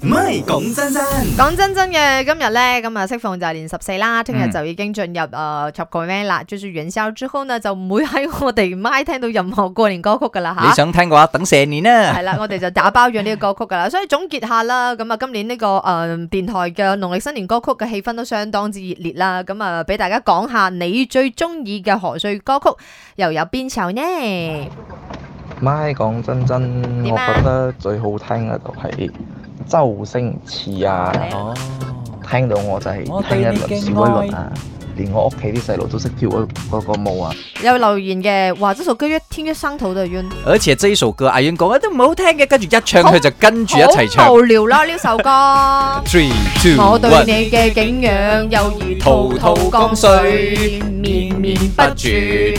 咪講真真，講真真嘅今日咧，咁啊，釋放就係年十四啦。聽日就已經進入誒插過彎啦。諸住、嗯呃、元宵之後呢，就唔會喺我哋咪聽到任何過年歌曲噶啦吓。啊、你想聽嘅話，等成年啦。係 啦，我哋就打包咗呢個歌曲噶啦。所以總結下啦，咁、嗯、啊，今年呢、這個誒、呃、電台嘅農曆新年歌曲嘅氣氛都相當之熱烈啦。咁、嗯、啊，俾、呃、大家講下你最中意嘅賀歲歌曲又有邊首呢？咪講真真， 我覺得最好聽嘅就係、是。周星馳啊，哦、嗯，聽到我就係、是、聽，聽一輪，少一輪啊！連我屋企啲細路都識跳嗰個舞啊！有留言嘅話，這首歌一聽一生土都就冤。而且這首，這首歌，阿冤講得都唔好聽嘅，跟住一唱佢就跟住一齊唱。好無聊啦！呢首歌。Three two one，我對你嘅景仰猶如滔滔江水，綿綿不絕。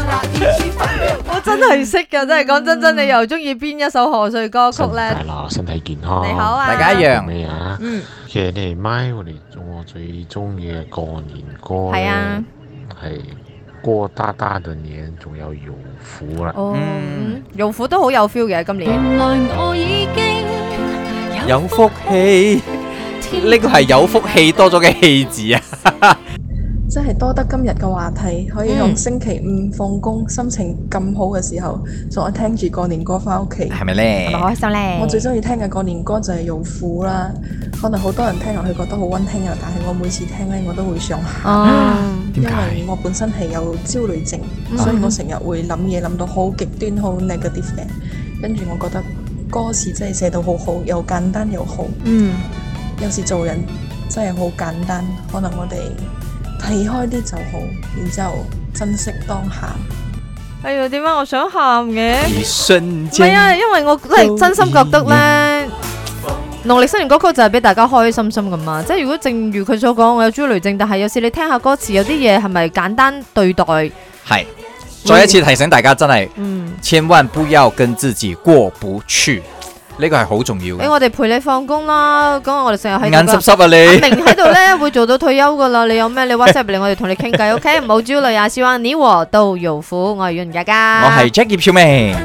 真係識噶，真係講真真，你又中意邊一首賀歲歌曲咧？新年快樂，身體健康。你好啊，大家一樣啊。嗯，其實你係咪我哋仲我最中意嘅過年歌咧，係過大大嘅年，仲有羊虎啦。哦，羊虎都好有 feel 嘅，今年。原來我已經有福氣，呢個係有福氣多咗嘅氣字啊！真係多得今日嘅話題，可以用星期五放工，心情咁好嘅時候，仲可以聽住過年歌翻屋企，係咪咧？咁開心咧！我最中意聽嘅過年歌就係、是《游苦》啦。可能好多人聽落去覺得好溫馨啊，但係我每次聽咧，我都會想喊。嗯、因為我本身係有焦慮症，嗯、所以我成日會諗嘢諗到好極端，好 negative 嘅。跟住我覺得歌詞真係寫到好好，又簡單又好。嗯。有時做人真係好簡單，可能我哋。睇開啲就好，然之後珍惜當下。哎呀，點解我想喊嘅？唔係啊，因為我真係真心覺得咧，農曆新年歌曲就係俾大家開心心咁嘛。即係如果正如佢所講，我有焦慮症，但係有時你聽下歌詞，有啲嘢係咪簡單對待？係，再一次提醒大家真係，嗯，千萬不要跟自己過不去。呢個係好重要嘅。誒、欸，我哋陪你放工啦，咁我哋成日喺度。眼濕濕啊你！阿明喺度咧， 會做到退休噶啦。你有咩？你 WhatsApp 俾 我哋同你傾偈，OK？唔好焦慮啊！希望你我都有我愛袁嘉嘉。我係 Jackie 小明。